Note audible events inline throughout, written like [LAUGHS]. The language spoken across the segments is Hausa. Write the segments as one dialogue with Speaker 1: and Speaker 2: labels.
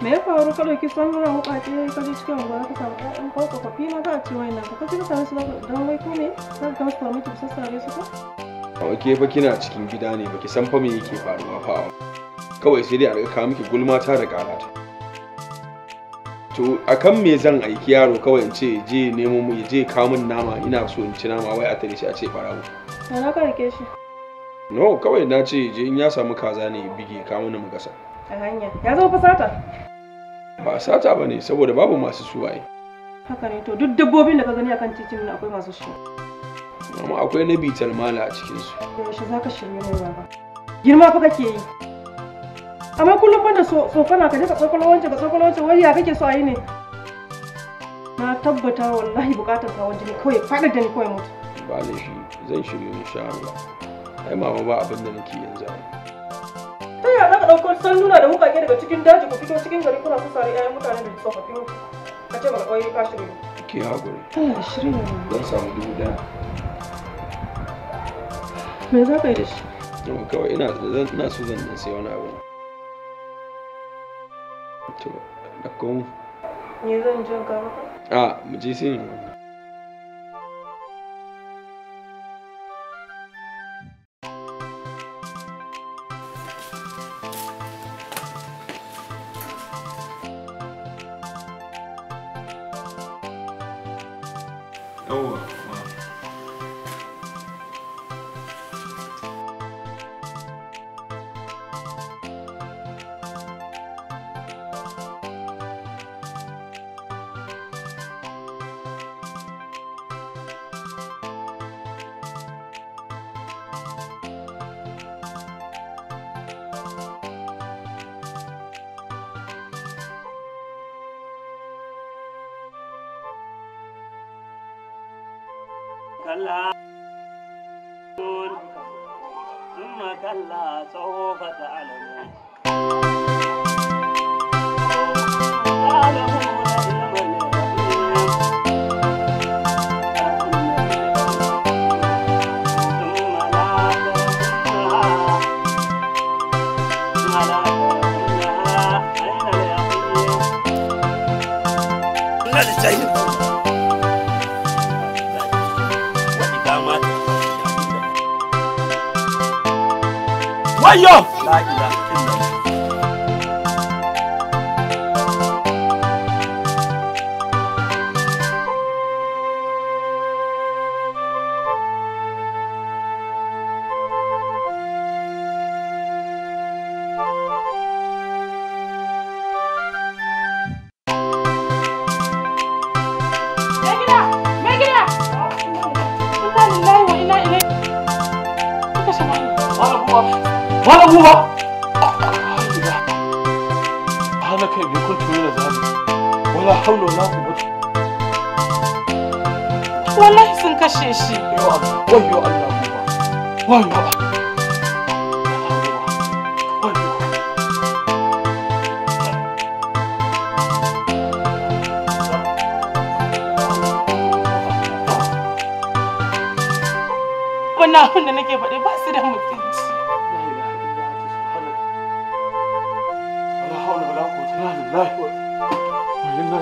Speaker 1: me ya faru ka ɗauki sangunan wuƙaƙe ka ji cikin unguwa ka samu ɗan ƙwaƙwa kwafi na za a ce wayan nan ka ji ka same su don wai ku ne za ka musu farmaki ku sassare su ko.
Speaker 2: a ke fa kina cikin gida ne baki san fa me yake faruwa fa kawai sai dai a kawo miki gulma ta da ƙarata. to a kan me zan aiki yaro kawai in ce je nemo mu je kawo min nama ina so in ci nama wai a tare shi a ce barawo
Speaker 1: na ka rike shi
Speaker 2: no kawai na ce je in ya samu kaza ne bige kawo ni mu gasa
Speaker 1: a hanya ya zo fasata
Speaker 2: ba sata ba ne saboda babu masu suwaye
Speaker 1: haka ne to duk dabbobin da ka gani akan titin na akwai masu shi
Speaker 2: amma akwai na bitar mala a
Speaker 1: cikin su yaushe zaka shirye mai baba girma fa kake yi amma kullum bana so tsofana ka je ka wancan ka tsokolo wancan wai ya kake so a yi ne na tabbata wallahi bukatar hawan jini kawai faɗa da ni kawai mutu
Speaker 2: ba laifi zan shirye insha Allah ai mama ba abin da nake yanzu
Speaker 1: ya za ka ɗauko sanduna da mukake daga cikin daji ku fito cikin gari kuna su sare 'ya'yan mutane da tsofaffi ka ce ƙwai ka shirya ke haƙuri ne
Speaker 2: zan samu dubu ɗaya me za ka yi da shi kawai ina ina so zan dan sai wani abu to da kun
Speaker 1: ni zan jin ka maka
Speaker 2: a ah, mu je sai Oh well.
Speaker 3: malam
Speaker 4: buba hana kai bi kun tuni da zabi wala haula wala quwwata
Speaker 3: wallahi sun kashe shi wayo Allah
Speaker 4: wayo Allah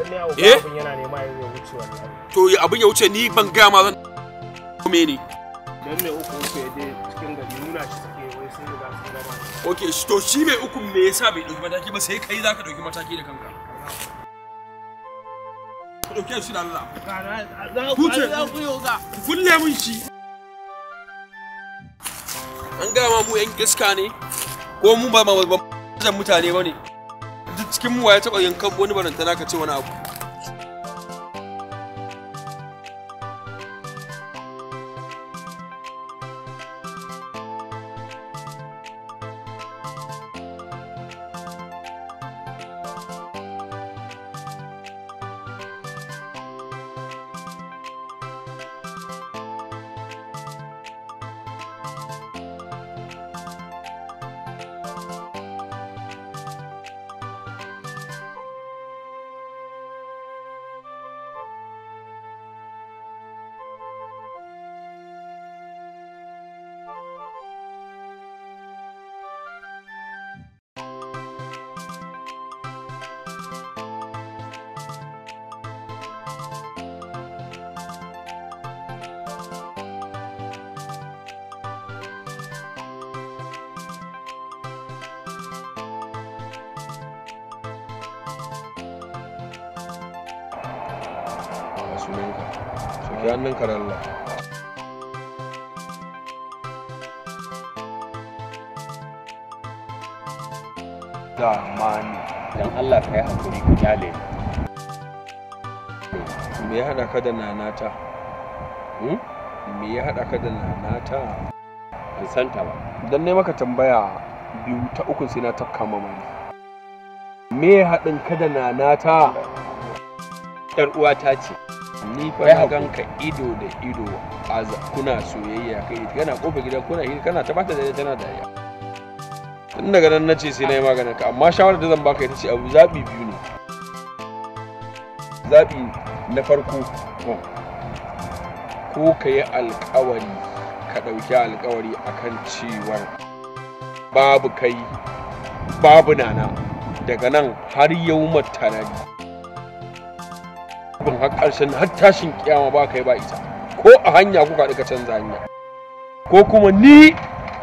Speaker 2: eh to abin ya wuce ni ban ga ma zan me ne dan me uku uku ya cikin gari nuna shi suke wai su gaba okay to shi me uku me yasa bai dauki mataki ba sai kai zaka dauki mataki da kanka ku dauke shi da Allah kulle mun shi an mu yan iska ne ko mu ba ma mutane ba ne cikin mu ya taɓa yankan wani barantana ka ce wani abu hannun karalla zamani don Allah ka yi hakuri ka kyale me ya haɗa ka da nanata hmm? me ya haɗa ka da nanata ban santa ba don ne maka tambaya biyu ta uku sai na tafka mamari me ya haɗin ka da nanata uwa ta ce ni fa ga ido da ido a kuna soyayya kai kana kofa gida kuna hira kana ta bata da tana da ya tun daga nan nace sai na yi ka amma shawarar da zan baka ita ce abu zabi biyu ne zabi na farko ko ka yi alkawari ka ɗauki alkawari akan cewar babu kai babu nana daga nan har yau matanadi. abin har ƙarshen har tashin kiyama ba kai ba ita ko a hanya kuka ka canza hanya ko kuma ni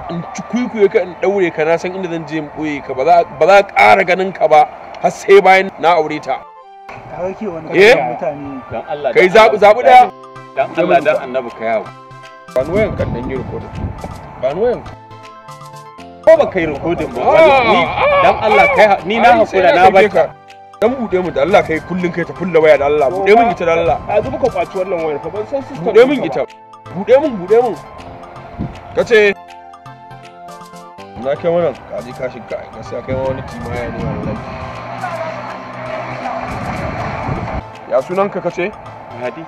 Speaker 2: in ci kuikuye ka in ɗaure ka na san inda zan je in ɓoye ka ba za a ƙara ganin ka ba har sai bayan na aure ta
Speaker 4: eh? kai zaɓi
Speaker 2: ɗaya dan Allah dan annabi ka yawo ba wayan kan dan yi rikodin ba ni wayan ko ba kai rikodin ba ah,
Speaker 4: ni dan Allah ah, kai ni
Speaker 2: na hakura na barka dan bude mu da Allah kai kullun kai ta kulla waya da Allah bude min ita da Allah yanzu muka kwaci wannan wayar ka ban san system bude min ita bude min bude min kace na kai wannan kaji kashin ka gaskiya kai wani kimaya ne wallahi ya sunan ka kace mahadi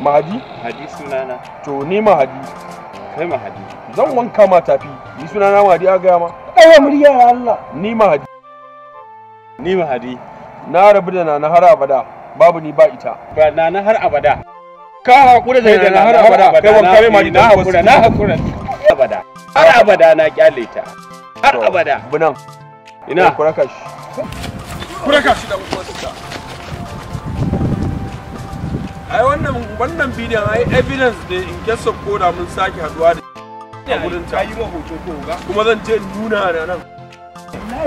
Speaker 2: mahadi mahadi sunana to ni mahadi kai mahadi zan wanka ma tafi ni sunana mahadi a gaya ma
Speaker 4: ɗaya murya Allah
Speaker 2: ni mahadi ni mahadi na rabu da nana har abada babu ni ba ita ba nana har abada ka haƙura da nana har abada kai wanka mai mari na haƙura na hakura abada har abada na kyale ta har abada bunan ina ka shi ka shi da mutuwarsa ai wannan wannan bidiyon ai evidence ne in case of koda mun sake haduwa da a gurin ta yi mahoto ko ga kuma zan je nuna da nan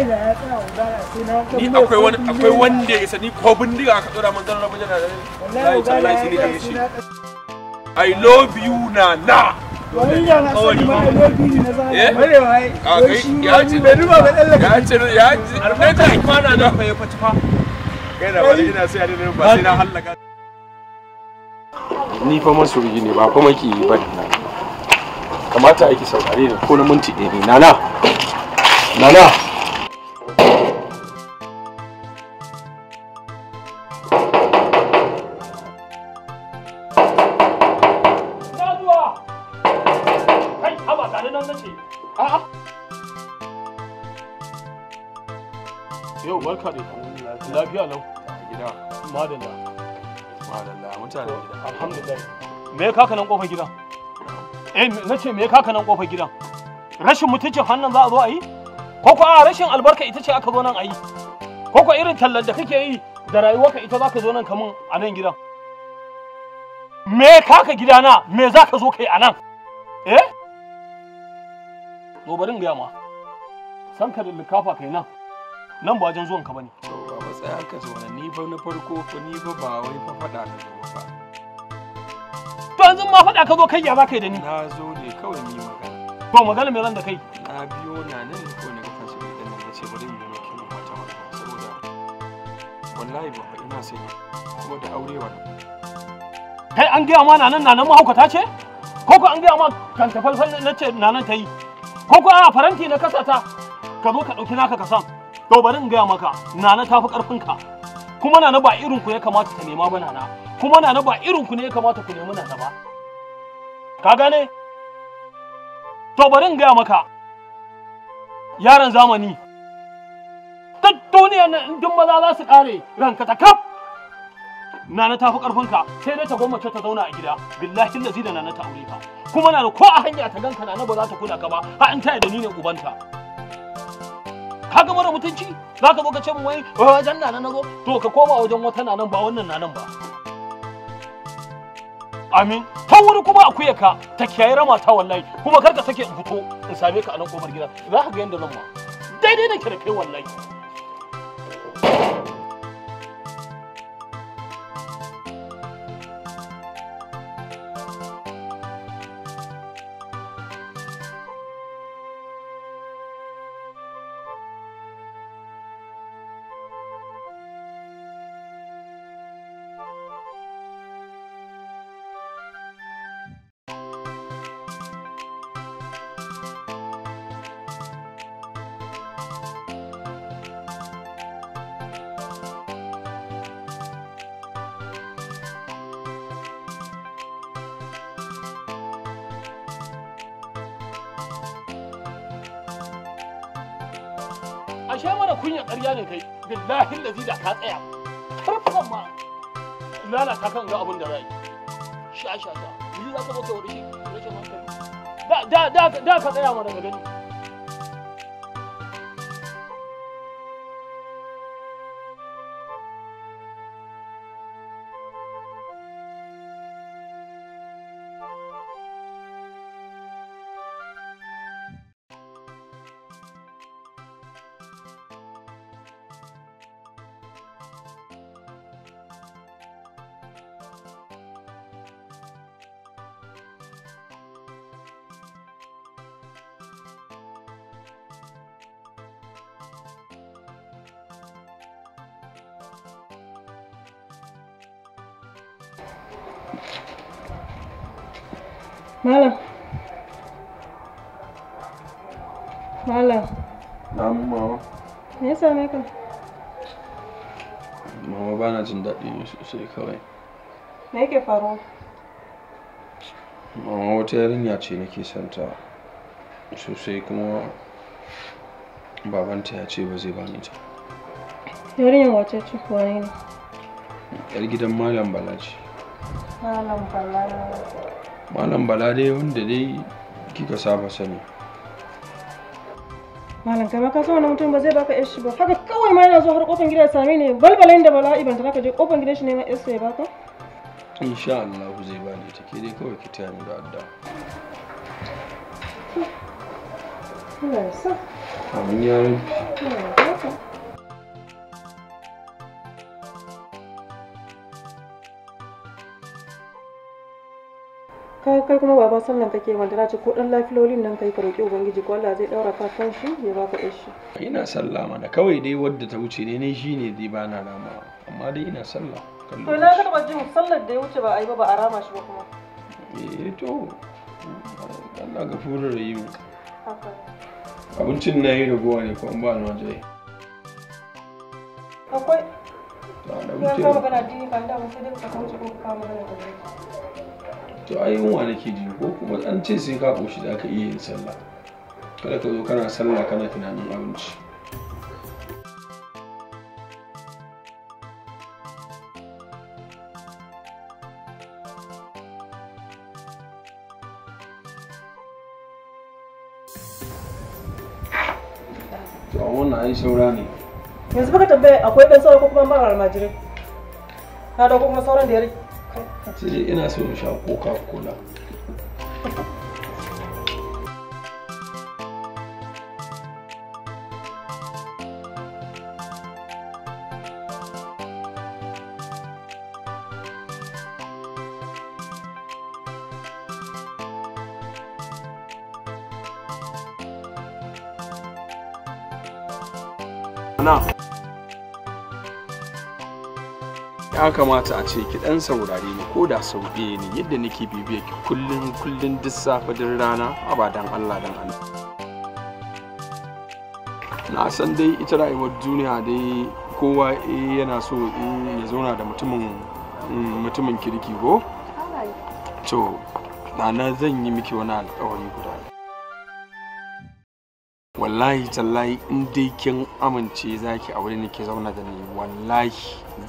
Speaker 2: ni akwai wani akwai wanda ya isa ni ko bindiga aka tsora man zan rabu jana wallahi tallahi sai da shi i love you na na ba ta fa ya ni ne ba fa maki ba kamata saurare ko na minti ɗaya ne nana nana
Speaker 4: alhamdulillah me kaka nan kofar gidan eh na ce me kaka nan kofar gidan rashin mutuncin hannun za a zo a yi ko ko a rashin albarka ita ce aka zo nan a yi ko ko irin tallar da kake yi da rayuwarka ita za ka zo nan kamun a nan gidan me kaka gidana me za ka zo kai a nan eh zo gaya ma san ka da likafa kai nan nan ba wajen zuwan ka bane ba tsaya ka zo ni fa na farko ko ni fa ba wai fa fada na zo ba yanzu ma faɗa ka zo kai ya baka da ni na zo ne
Speaker 2: kawai ni magana ba
Speaker 4: magana mai zan da kai
Speaker 2: na biyo na nan ko ne ka tashi da nan na ce bari mu yi mu mata mata saboda wallahi ba fa ina sai kuma da aure wa
Speaker 4: kai an gaya ma na nan na nan mahaukata ce ko ko an gaya ma kan na ce na nan ta yi ko ko a faranti na kasa ta ka zo ka ɗauki naka ka san to bari in gaya maka nana ta fi ƙarfinka kuma nana ba irin ku ya kamata ta nema ba nana kuma nana ba irin ku ne ya kamata ku nemi nana ba ka gane to bari in gaya maka yaran zamani duk duniya nan duk maza za su kare ranka ta kaf nana ta fi karfinka sai dai ta gwamnati ta zauna a gida billahi lazi da nana ta aure ka kuma nana ko a hanya ta ganka nana ba za ta kula ka ba har in ta da ni ne ubanta ka ga mara mutunci za ka zo ka ce mu wai oh, wajen nana na zo to ka koma wajen wata nanan ba wannan nanan ba amin ta wuri kuma ya ka ta kiyaye rama ta wallahi kuma karka sake in fito in same ka a nan kofar gida za ka ga yanda zan ma daidai da kirfe wallahi mara kunya ƙarya ne kai billahi lazi da ka tsaya karfan ma lalata kan ga abin da za yi sha sha ta yi za ka masa wani shi rashin hankali da da ka tsaya mana
Speaker 3: daga gani
Speaker 1: Malam. Malam.
Speaker 2: Na'am mama. Me ka? Mama ba na jin daɗi ne sosai kawai. Me yake Mama wata yarinya ce nake son ta sosai kuma babanta ya ce ba zai bani ta.
Speaker 1: wace ce? ne?
Speaker 2: Yar gidan Malam Bala ce. malam bala dai wanda dai kika saba sani
Speaker 1: malam kai ka san mutum ba zai baka yar shi ba haka kawai ma yana zo har kofin gida same ne balbalan da bala'i ban tana ka je kofin gidan shi ma yar sai baka
Speaker 2: insha Allah zai ba ni take dai kawai ki taya da adda Allah ya sa amin ya
Speaker 1: rabbi kai kai kuma baban sallan kake wanda ce ko dan lafilolin nan kai ka roki ubangiji ko Allah zai daura ka kan shi ya baka shi ina
Speaker 2: sallah mana kawai dai wadda ta wuce ne ne shine dai ba na rama amma dai ina sallah to na
Speaker 1: ba jin sallar da ya wuce ba ai ba ba a rama shi ba kuma
Speaker 2: eh to Allah gafurar rahim haka abincin na yi ragowa ne ko an ba ni waje akwai ya ka magana
Speaker 1: dini kan da mun sai dai ka kawo ko ka magana da
Speaker 2: to ai yunwa nake ji ko kuma an ce sai ka koshi za ka iya yin sallah kada ka zo kana sallah kana tunanin abinci to a wannan ai saura ne
Speaker 1: yanzu baka tambaya akwai dan saura ko kuma mara almajirai na da kuma sauran da ya rage
Speaker 2: sai dai ina so in sha coca cola Now. kamata a ce ki dan saurare ni ko da sau ɗaya ne yadda nake bibiya ki kullun kullun duk safe duk rana abadan Allah dan Allah na san dai ita rayuwar duniya dai kowa eh, yana so eh, ya zauna da mutumin mm, mutumin kirki ko to na zan yi miki wani alƙawari guda wallahi tallahi in dai kin amince zaki a wurin nake zauna da ni wallahi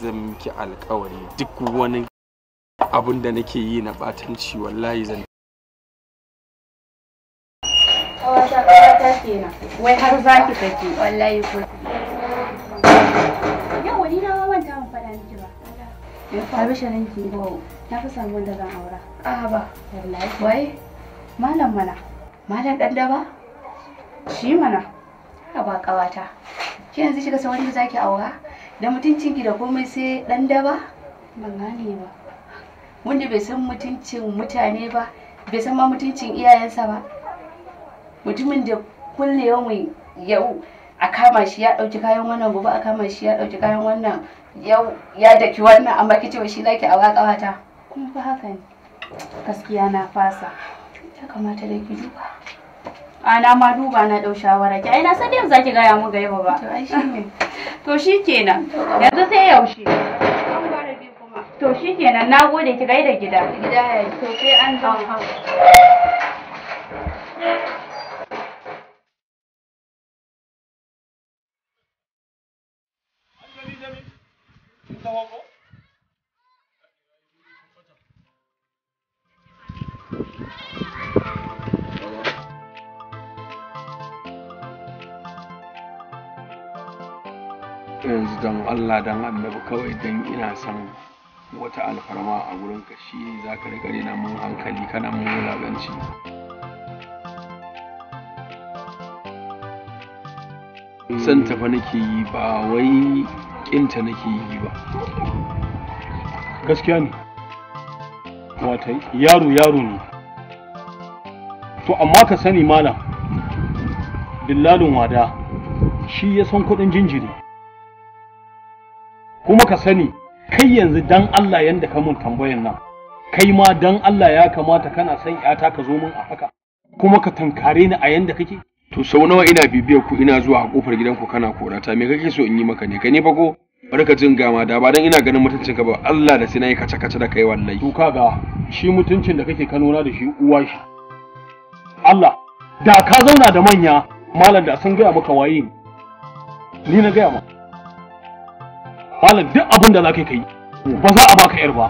Speaker 2: zan miki alkawari duk wani abin da nake yi na batanci wallahi zan
Speaker 3: wai har zaki take wallahi ko yau wani na manta ban faɗa miki ba abisharin ki na fi samun wanda zan aura a ba wallahi wai malam mana malam dan ba shi mana ka ba kawata ki yanzu shiga san wani zaki aura da mutuncin ki da komai sai dan daba ban gane ba wanda bai san mutuncin mutane ba bai san ma mutuncin iyayensa ba mutumin da kulle yau yau a kama shi ya dauki kayan wannan gobe a kama shi ya dauki kayan wannan yau ya daki wannan amma ki ce shi zaki aura kawata kuma fa haka ne gaskiya na fasa ya kamata da ki duba Ana ma duba na dau shawara ki ai na san yanzu zaki gaya mu yaba ba [LAUGHS] to shi kenan yanzu sai yaushe to shi kenan na gode ki gaida gida gida ya to sai an zo Thank you.
Speaker 2: don Allah don annabi kawai don ina son wata alfarma a wurinka shi ne za ka riƙa rena mun hankali kana mun wulaganci san tafa nake yi ba wai
Speaker 4: ƙinta nake yi ba gaskiya ne wata yaro yaro ne to amma ka sani malam dillalin wada shi ya san kuɗin jinjiri kuma ka sani kai yanzu dan Allah yanda ka mun tambayan nan kai ma dan Allah ya kamata kana san yata ka zo mun a haka kuma ka tankare ni a yanda kake
Speaker 2: to sau nawa ina bibiya ku ina zuwa a kofar gidanku kana korata me kake so in yi maka ne ka ne fa ko barka jin gama da ba dan ina ganin mutuncin ka ba Allah da sai kace kace da kai wallahi to kaga
Speaker 4: shi mutuncin da kake kanona da shi uwa shi Allah da ka zauna da manya malam da sun gaya maka waye ni na gaya maka malam duk abin da za ka yi ba za a baka yar ba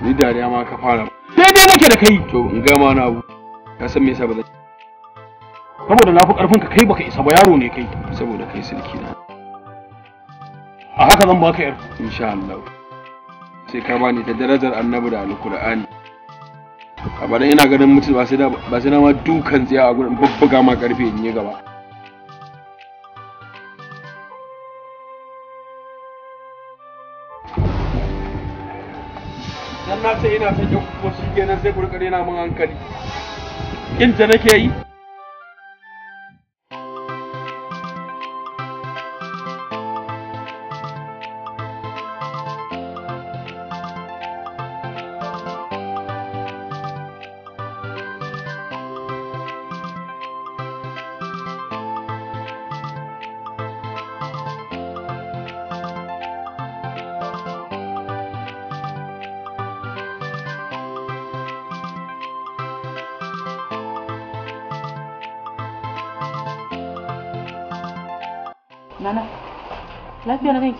Speaker 4: ni dariya ma ka fara
Speaker 2: daidai nake da kai to in ga ma na abu ka san me yasa ba saboda na fi karfin ka kai baka isa ba yaro ne kai saboda kai sulki na a haka zan baka yar insha Allah sai ka bani ta darajar annabi da alkur'ani a bana ina ganin mutum ba sai na ma dukan tsaya a gurin babbaga ma karfe in yi gaba sannan na ce ina son yan kuma shi kenan sai ku rika rena min hankali kin
Speaker 4: ta nake yi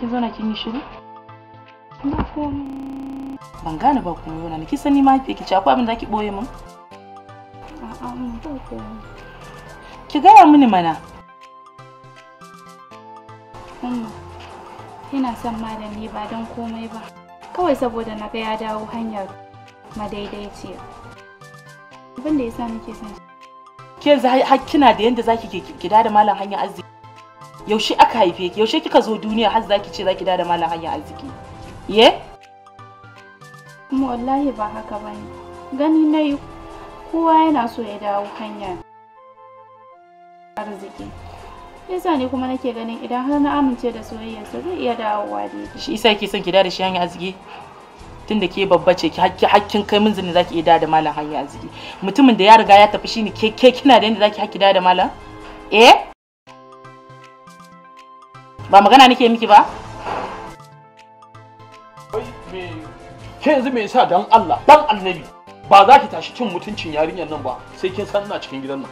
Speaker 3: kin zauna kin yi shiru komai ban gane ba kuma yau ni kisa sani ma ke ki ci abin da ki boye mun? a'a ba komai ki gaya mini mana ina son malami ba don komai ba kawai saboda na ga ya dawo hanyar madaidaiciya abin da yasa nake san ki yanzu har kina da yanda zaki ki da malam hanyar arziki yaushe aka haife ki yaushe kika zo duniya har zaki ce zaki da malam hanyar arziki ye kuma wallahi ba haka bane gani na yi kowa yana so ya dawo hanya arziki yasa ne kuma nake ganin idan har na amince da soyayyarsa zai iya dawowa daidai shi isa ki son ki da shi hanyar arziki tunda ke babba ce ki hakki hakkin kai minzin zaki iya da malam hanyar arziki mutumin da ya riga ya tafi shine ke ke kina da yanda zaki hakki da malam eh ba magana nake miki ba ke yanzu me yasa dan Allah dan annabi
Speaker 4: ba za ki tashi cin mutuncin yarinyar nan ba sai kin san ina cikin gidan nan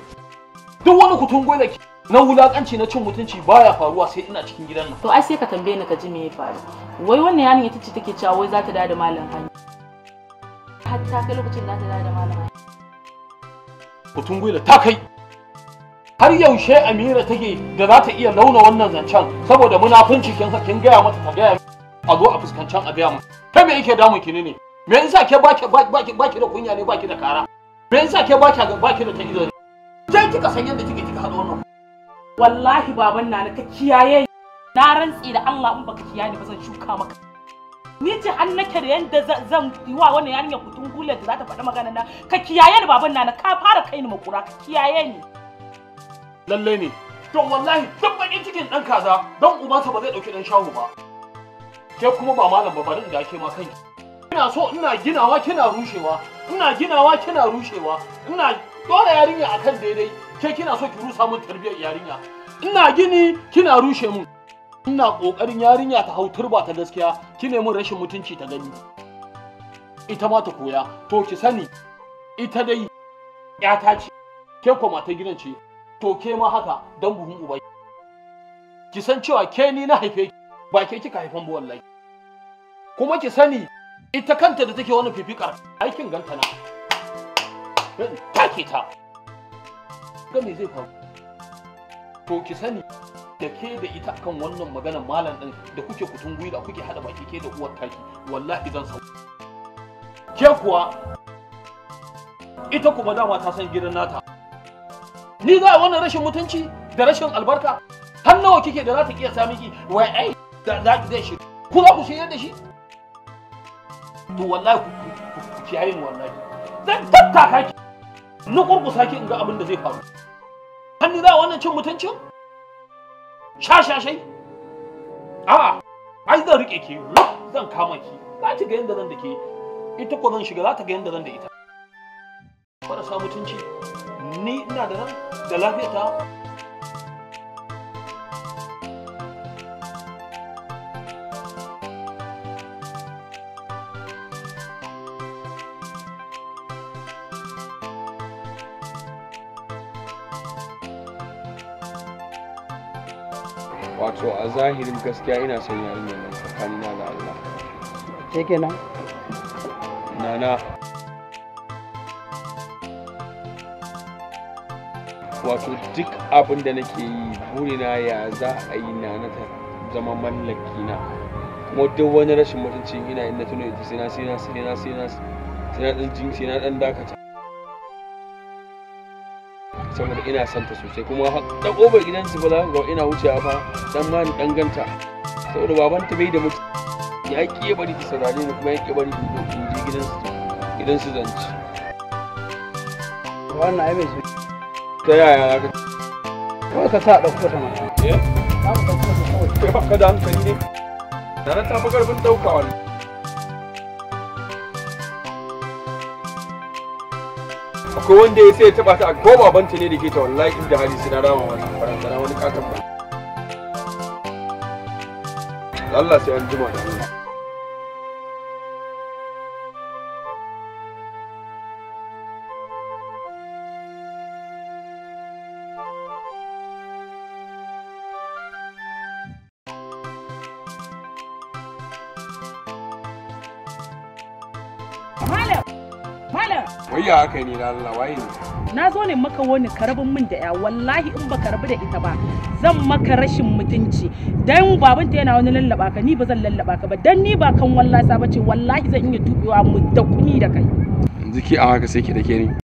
Speaker 4: duk wani kutungo da na wulakanci na cin mutunci baya faruwa sai ina cikin gidan nan to ai sai ka
Speaker 3: tambaye ni ka ji me ya faru wai wannan yarinya ita ce take cewa wai za ta dawo da malam hanya hatta kai lokacin za ta dawo da
Speaker 1: malam
Speaker 4: hanya da ta kai har yaushe amira take da za ta iya launa wannan zancen saboda munafunci kin kin gaya mata ta gaya a zo a fuskancen a gaya mu kai me yake damun ki ne me yasa ke baki baki baki da kunya ne baki da kara me yasa ke baki ga baki da ta ido ne sai kika san yadda kike kika hado wannan
Speaker 3: wallahi baban nana ka kiyaye na rantsi da Allah in baka kiyaye ba zan shuka maka ni ce an nake da yadda zan yi wa wannan yarinya kutun gulen da za ta faɗi magana na ka kiyaye ni baban nana ka fara kai ni makura ka kiyaye ni Lallai ne. To wallahi duk bakin cikin ɗan kaza don ubansa ba zai ɗauki dan shahu ba.
Speaker 4: Ke kuma ba malam ba bari da ake ma kanki. Ina so ina ginawa kina rushewa, ina ginawa kina rushewa, ina dora yarinya akan daidai. Ke kina so ki rusa mun tarbiyyar yarinya. Ina gini kina rushe mun. Ina ƙoƙarin yarinya ta hau turba ta gaskiya, ki ne mun rashin mutunci ta gani. Ita ma ta koya, to ki sani, ita dai 'yata ce, ke kwa mata gidan ce, to ke ma haka don buhun uba ki san cewa ke ni na haife ki ba ke kika haifan bu wallahi kuma ki sani ita kanta da take wani fifikar aikin ganta na take ta ga me zai faru to ki sani da ke da ita kan wannan maganar malam din da kuke kutun gwiwa kuke hada baki ke da uwar taki wallahi zan sau ke kuwa ita kuma dama ta san gidan nata ni za a wannan rashin mutunci da rashin albarka har nawa kike da za ta kiyasa miki wai ai da za ki zai shi ku za ku shirya da shi to wallahi ku kiyaye ni wallahi zan tattaka ki na kurkusa ki in ga abin da zai faru har ni za a wannan cin mutuncin shashashai a'a ai zan rike ki zan kama ki za ki ga yadda zan da ke ita ko zan shiga za ta ga yadda zan da ita. Fara sa mutunci. ni ina da nan da lafiyata
Speaker 2: wato a zahirin gaskiya ina son yarinyar nan tsakanina da Allah. Ke Nana. wato duk abin da nake yi burina ya za a yi na na ta zama mallaki na kuma duk wani rashin mutunci ina yin na tuno yanzu sai na sai na sai na sai na sai na dan jin sai na dan dakata saboda ina son ta sosai kuma dan obar gidan su bala ga ina wucewa fa dan ma ni danganta saboda baban ta bai da mutu ya ki bari ki saurare ni kuma ya ki bari in je gidan su gidan su zanci wannan ai mai da yaya ya ka
Speaker 1: kawai ka sa ɗauko ta mana eh za mu ɗauko
Speaker 2: ta kawai ba ka da hankali ne da na tafi ƙarfin ɗaukawa ne akwai wanda ya sai ya taɓa ta a ko babanta ne da ke ta wallahi inda hali suna rama wani farantana wani katon ba Allah sai an jima da ni ga haka ni na Allah waye
Speaker 3: ne na zo ne maka wani karabin min da ya wallahi in ba rabu da ita ba zan maka rashin mutunci dan babanta yana wani lallaba ka ni ba zan lallaba ka ba dan ni ba kan sa bace wallahi zan iya tubewa mu da kuni da kai yanzu ki a haka sai ki dake ni